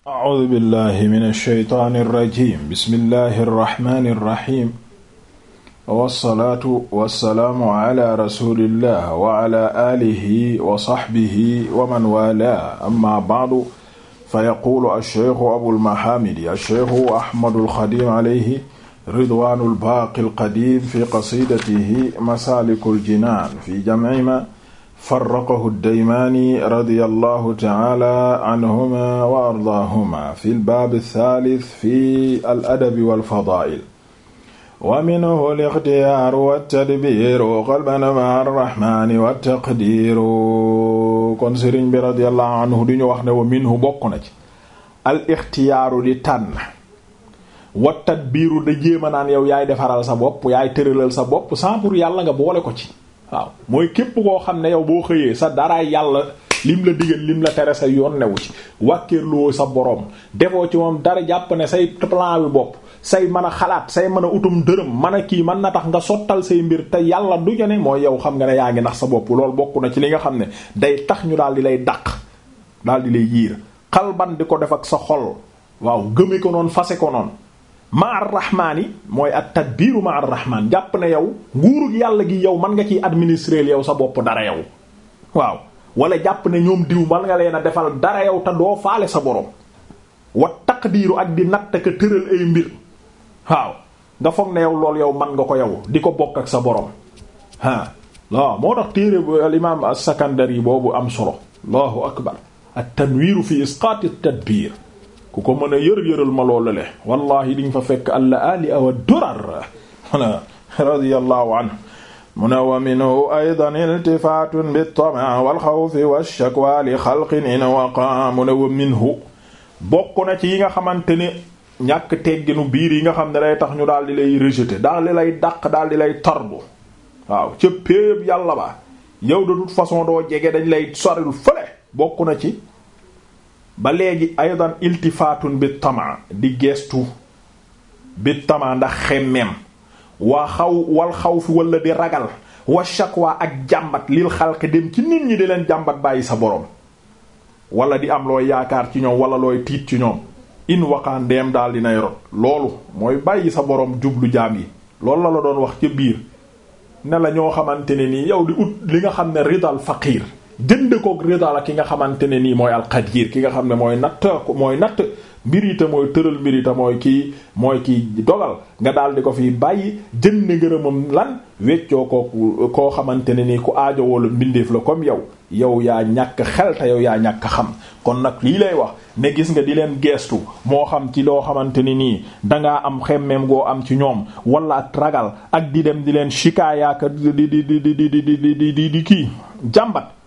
A'uuzu billahi mina shaytaani rajiim bismillahi rahmaani rahiim. wasalaatu wasalaamu ala rasulillah wa ala aalihi wa saxbihi wa man waalaahu amma ba'du fa yaquulu ash-shaykhu abul mahaamidi ash-shaykhu Ahmadul Xadiim alayhi ridwaanul baaqil qadiim fi qasiidatihi masaalikul jinaan fi jam'i maa farraqahu ddaymaani radiyallahu ta'ala anhuma wa ardaahuma fi lbaab althaalith fi aladabi walfadaa'il wa minhu al-ixtiyaaru wat-tadbiiru qalban ma'a ar-rahmaani wat-taqdiiru kon sëriñ bi radiyallahu anhu di ñu wax ne wa minhu bokk na ci al-ixtiyaaru di tànn wat-tadbiiru da jéema naan yow yaay defaral sa bopp yaay tëralal sa bopp sans pour yàlla nga boole ko ci waaw mooy képp koo xam ne yow boo xëyee sa dara yàlla lim la digal lim la tere sa yoon newu ci wàkkeerloo sa boroom defoo ci moom dara jàpp ne say plan bi bopp say mën a xalaat say mën a utum dërëm mën a kii mën na tax nga sottal say mbir te yàlla du jane mooy yow xam nga ne yaa ngi nax sa bopp loolu bokku na ci li nga xam ne day tax ñu daal di lay daq daal di lay yiir xalban di ko def ak sa xol waaw gëme ko noonu fase ko noonu ma rahmaani mooy at tadbiiru ma rahmaan jàpp ne yow nguurug yàlla gi yow man nga ciy administrer yow sa bopp dara yow waaw wala jàpp na ñoom diw mën nga leen a defal dara yow te doo faale sa borom wa taqdiiru ak di natt ka tëral ay mbir waaw nga foog ne yow lool yow man nga ko yow di ko bokk ak sa borom ah waaw moo tax téere bu al imaam boobu am solo allahu akbar at fi isqaati tadbiir ku ko mën a yër yëral ma loolu le wallahi liñ fa fekk alla ali awa durar wala radiyallahu anhu mu ne wa minhu aydan iltifatun bit-tama wal-khawfi wash-shakwa li xalqin in waqa mu minhu bokk na ci yi nga xamante ne ñàkk tegginu biir yi nga xam ne day tax ñu daal di lay rejeter daal lay dàq daal di lay tarbu waaw ca yàlla ba yow de toute façon doo jege dañ lay soril fële bokk na ci ba léegi aydan iltifaatun bi di geestu bi tama ndax xemmeem waa xaw wal xaw fi wala di ragal wa shakwa ak jàmbat lil xalq ci nit ñi di leen jàmbat bàyyi sa boroom walla di am looy yaakaar ci ñoom wala looy tiit ci ñoom in waqa ndeem daal dinay rot loolu mooy bàyyi sa boroom jublu jaam yi loolu la la doon wax ca biir ne la ñoo xamante ne nii yow di ut li nga xam ne ridal faqir jënd kook rida la ki nga xamante ne nii mooy alqadir ki nga xam ne mooy natt mooy natt mbir yi te mooy tëral mbir te mooy kii mooy kii dogal nga daal di ko fii bàyyi jënd ngërëmam lan weccoo koo koo xamante ne nii ku aajowoo la mbindeef la comme yow yow yaa ñàkk xel yow yaa ñàkk xam kon nag lii lay wax ne gis nga di leen geestu moo xam ci loo xamante ni nii dangaa am xemmeem goo am ci ñoom wala ak ragal ak di dem di leen shikaayaaka di di di di di di di di kii jàmbat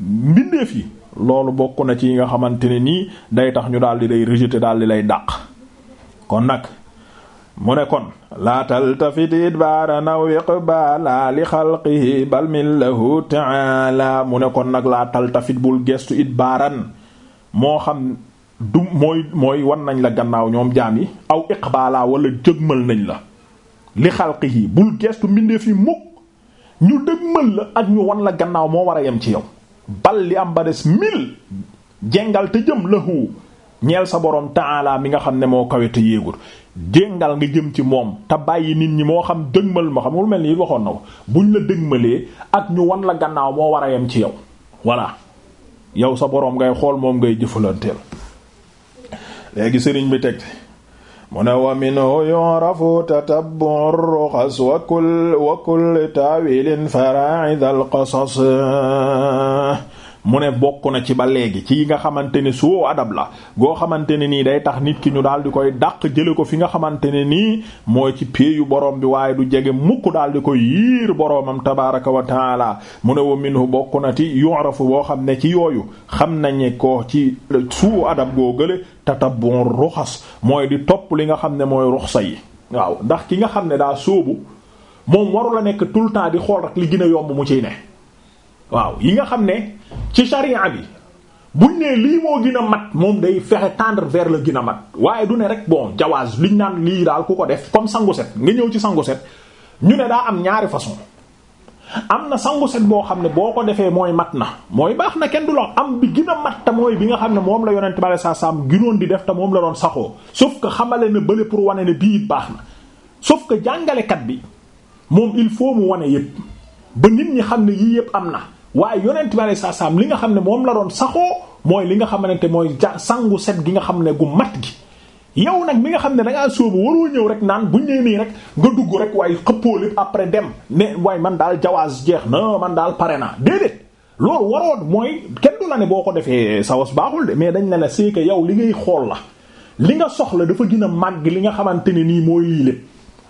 mbindeef yi loolu bokk na ci nga xamante ne nii day tax ñu daal di lay rejeter daal di lay dàq kon nag mu ne kon laa taltafit idbaara naw iqbaala li xalqihi bal min mu ne kon nag laatal taltafit bul gestu it idbaaran moo xam du mooy mooy wan nañ la gannaaw ñoom jaam yi aw iqbaala wala jëgmal nañ la li xalqihi bul gestu mbindeef yi mukk ñu dëgmal la ak ñu wan la gannaaw moo war a yem ci yow bal li am ba des mil jengal te jëm lahu ñeel sa borom taala mi nga xam ne moo kawe te yéegul jéngal nga jëm ci moom te bàyyi nit ñi moo xam dëgmal ma xamul mel ni waxoon na ko buñ la dëgmalee ak ñu wan la gannaaw moo war a ci yow voilà yow sa boroom ngay xool moom ngay jëfalanteel léegi sëriñ bi teg mu ne wa minhu yu'rafu tatabbu'u ruqas wa kull wa kull taawilin fara'id al qasas mu ne bokk na ci ba léegi ci yi nga xamante ne soo adab la goo xamante ne nii day tax nit ki ñu daal di koy dàq jële ko fi nga xamante ne nii mooy ci yu borom bi waaye du jege mukk daal di koy yiir boroomam tabaraka wa taala mu ne wa minhu bokk na ci yu'rafu boo xam ne ci yooyu xam nañu ko ci suu adab goo gële tatabbun ruxas mooy di topp li nga xam ne mooy ruxsa yi waaw ndax ki nga xam ne daa suubu moom waru la nekk tout le temps di xool rek li gën a yomb mu ciy ne waaw yi nga xam ne ci charia bi buñ ne lii moo gën mat moom day fexe tendre vers la gën a mat waaye du ne rek bon jawaaz liñ naan lii daal ku ko def comme sangu set nga ñëw ci sangu set ñu ne daa am ñaari façon am na sangu set boo xam ne boo ko defee mooy mat na mooy baax na kenn du la am bi gina a mat te mooy bi nga xam ne moom la yonent bale saa saam ginoon di def te moom la doon saxoo sauf que xamale ne bële pour wane ne bii baax na sauf que jàngalekat bi moom il faut mu wane yépp ba nit ñi xam ne yii yépp am na waaye yonent bi sa salaam li nga xam ne moom la doon saxoo mooy li nga xamante mooy ja sangu set gi nga xam ne gu mat gi. yow nag mi nga xam ne da ngaa sóobu waroo ñëw rek naan bu ñëwee nii rek nga dugg rek waaye xëppoo lépp après dem ne waaye man daal jawaas jeex na man daal pare naa déedéet. loolu waroon mooy kenn du la ne boo ko defee sawas baaxul de mais dañ la ne c'est que yow li ngay xool la li nga soxla dafa gën a màgg li nga xamante ne nii mooy lii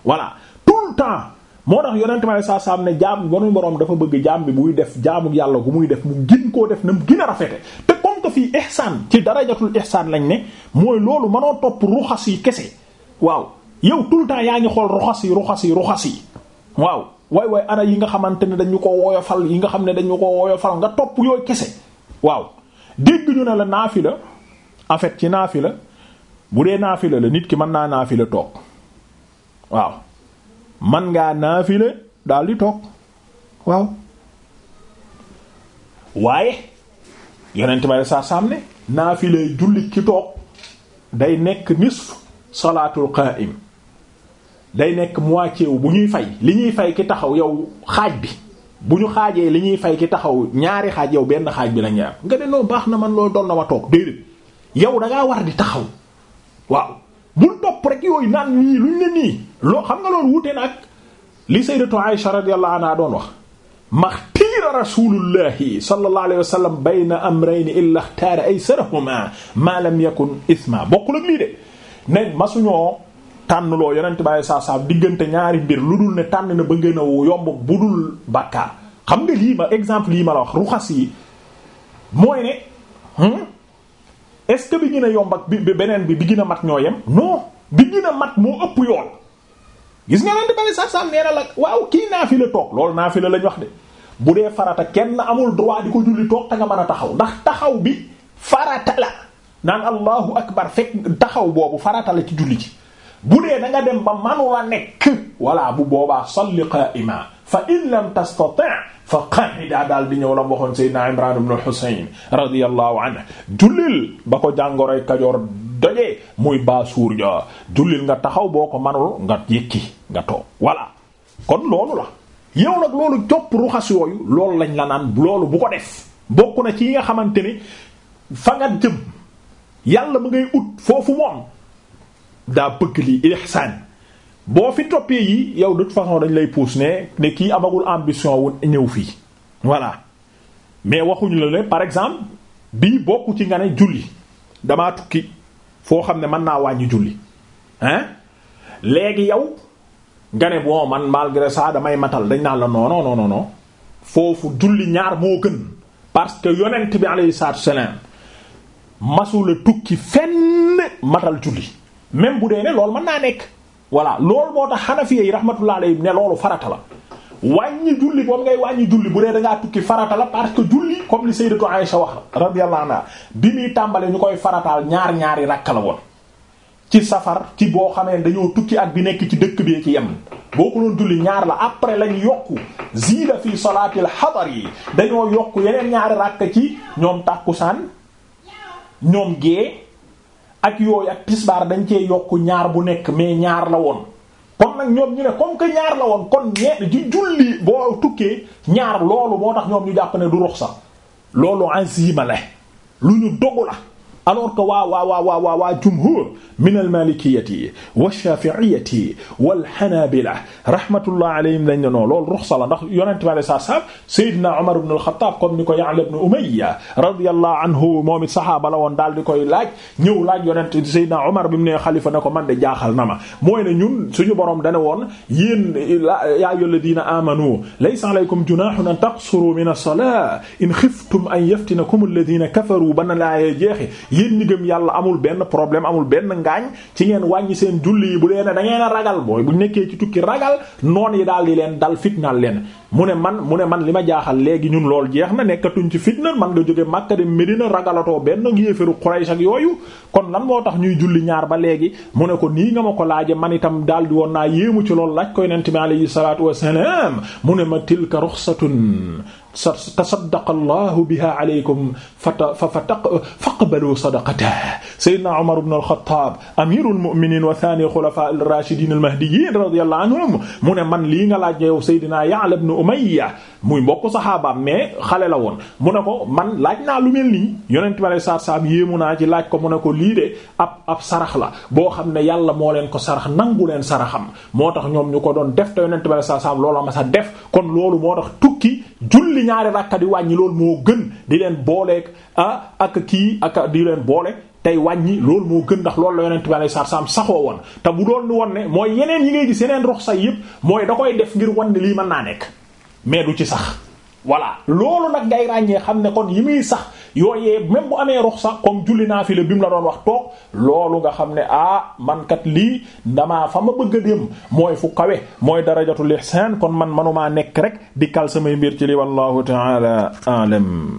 voilà tout le temps. moo tax yonent ma saa am ne jaam gonu borom dafa bëgg jaam bi muy def jaamu yàlla gu muy def mu gin koo def na mu gën a rafete te comme que fii ihsaan ci darajatul ihsaan lañ ne mooy loolu mënoo topp ruxas yi kese waaw yow tout le temps yaa ngi xool ruxas yi ruxas yi yi waaw waay waay ana yi nga xamante ne dañu ko woyofal yi nga xam ne dañu ko woyofal nga topp yooyu kese waaw dégg ñu ne la naafila en fait ci naafila bu dee naafila la nit ki mën naa naafila toog waaw man ngaa naafile daal di toog waaw waaye yonent ba saa saam ne naafile julli ki toog day nekk nisf salaatul qaa'im day nekk moitié wu bu ñuy fay li ñuy fay ki taxaw yow xaaj bi bu ñu xaajee li ñuy fay ki taxaw ñaari xaaj yow benn xaaj bi la ñu am nga ne noo baax na man loolu doon na ma toog déedéet yow da ngaa war di taxaw waaw. bul topp rek yooyu naan nii luñ ne nii loo xam nga loolu wute nag li sayyidatu Aisha radiyallahu anha doon wax maxtiira rasulullahi sallallahu alayhi wa sallam bayna amrayni illa xtaara aysarahuma ma lam isma bokkul ak lii de masuñoo tànn loo saa diggante ñaari mbir lu dul tànn na ba gën a yomb bu dul xam nga lii ma exemple lii ma wax ruxas yi mooy ne hmm? est-ce que bi gën a yomb ak bi beneen bi bi gën a mat ñoo yem non bi gën a mat moo ëpp yoon gis nga leen di bale sax-sax nee na la waaw kii naa fi la toog loolu naa fi la lañ wax de bu dee farata kenn amul droit di ko julli toog te nga mën a taxaw ndax taxaw bi farata la naan allahu akbar fekk taxaw boobu farata la ci julli ci bu dee da dem ba manula nekk walla bu boobaa salli qaa'ima fa in lam tastati' fa qa'ida daal bi ñëw la waxoon Seydina Imran ibn Husayn radiyallahu anhu jullil ba ko jàngoroy kajoor dojee muy baasuur ja jullil nga taxaw boo ko manul nga yëkki nga toog voilà kon loolu la yow nag loolu topp ruxas yooyu loolu lañ la naan loolu bu ko def bokk na ci yi nga xamante ni fa nga jëm yàlla mu ngay ut foofu moom daa bëgg li ihsaan boo fi toppee yi yow de toute façon dañ lay puus ne ne kii amagul ambition wu ñëw fii voilà mais waxuñu la ne par exemple bii bokku ci nga ne julli damaa tukki foo xam ne mën naa wàññi julli hein léegi yow nga ne bon man malgré ça damay matal dañ naan la non non non foofu julli ñaar moo gën parce que yonent bi alayhi salaatu wassalaam masula tukki fenn matal julli même bu dee loolu mën naa nekk voilà loolu moo tax xanafiya yi rahmatullah alayhi ne loolu farata la wàññi julli boobu ngay wàññi julli bu dee da ngaa tukki farata la parce que julli comme li sayyidatu Aïsha wax radiyallahu anha bi muy tàmbale ñu koy farataal ñaar ñaari rakk la woon ci safar ci boo xamee dañoo tukki ak bi nekk ci dëkk bee ci yem boo ko doon julli ñaar la après lañ yokku ziida fi salaatil xadar yi dañoo yokk yeneen ñaari rakk ci ñoom tàkkusaan ñoom gée ak yooyu ak tisbaar dañ cee yokk ñaar bu nekk mais ñaar la woon kon nag ñoom ñu ne comme que ñaar la woon kon ñee ci julli boo tukkee ñaar loolu moo tax ñoom ñu jàpp ne du ruxsa loolu azima lu ñu dogu la alors que waa waa waa waa waa waa jumhur min almalikiyati wa shafi'iyati wal hanabila rahmatullah alayhim dañ ne noonu loolu ruxsa la ndax yonent bi alei sat salam sayyidina Umar ibn al-Khattab comme ni ko Ya'la ibn Umayya radiyallahu anhu moom it sahaaba la woon daal di koy laaj ñëw laaj yonent sayyidina Umar bi mu ne xalifa ne ko man de jaaxal na ma mooy ne ñun suñu borom dane woon yéen yaa ayyuhalladhina amanu laysa alaykum junahun an taqsuru min as-salati in khiftum an yaftinakum alladhina kafaru bana laaye jeexi yéen ñi gëm yàlla amul benn problème amul benn ngaañ ci ngeen wàññi seen julli yi bu dee ne da a ragal booy bu nekkee ci tukki ragal noon yi daal di leen dal fitnaal leen mu ne man mu ne man li ma jaaxal léegi ñun lool jeex na nekkatuñ ci fitna man nga jóge Makka dem Medina ragalatoo benn yéefaru Quraysh ak yooyu kon lan moo tax ñuy julli ñaar ba léegi mu ne ko nii nga ma ko laaje man itam daal di woon naa yéemu ci loolu laaj ko yonent bi alayhi salaatu wassalaam mu ne ma tilka ruxsatun tasaddaqa Allahu biha alaykum fa fa aqbalu sadaqatahu sayyidina Umar ibn al-Khattab amirul mu'minin wa thani khulafa ar-rashidin al-mahdiyyin radiyallahu anhum mu ne man lii nga laaj yow sayyidina Ya'la ibn Umayya muy mbokk saxaabaam mais xale la woon mu ne ko man laaj naa lu mel nii yonent bi saa saam yéemu naa ci laaj ko mu ne ko lii de ab sarax la boo xam ne yàlla moo leen ko sarax nangu leen saraxam moo tax ñoom ñu ko doon def te yonent bi saa saam loolu ma sa def kon loolu moo tax tukki julli ñaari rakka di wàññi loolu moo gën di leen booleeg ah ak di leen boole tey wàññi loolu moo gën ndax loolu la yonent bi alayhi salaam saxoo woon te bu doon woon ne mooy yeneen yi ngay gis yeneen rox say yëpp mooy da koy def ngir wan ne lii man naa nekk mais du ci sax voilà loolu nag ngay ràññee xam ne kon yi muy sax yooyee même bu amee rox sax comme julli naa fi bi mu la doon wax toog loolu nga xam ne ah man kat lii damaa fa ma bëgg a dem mooy fu kawe mooy darajatul ihsan kon man manumaa nekk rek di kal samay mbir ci li wallahu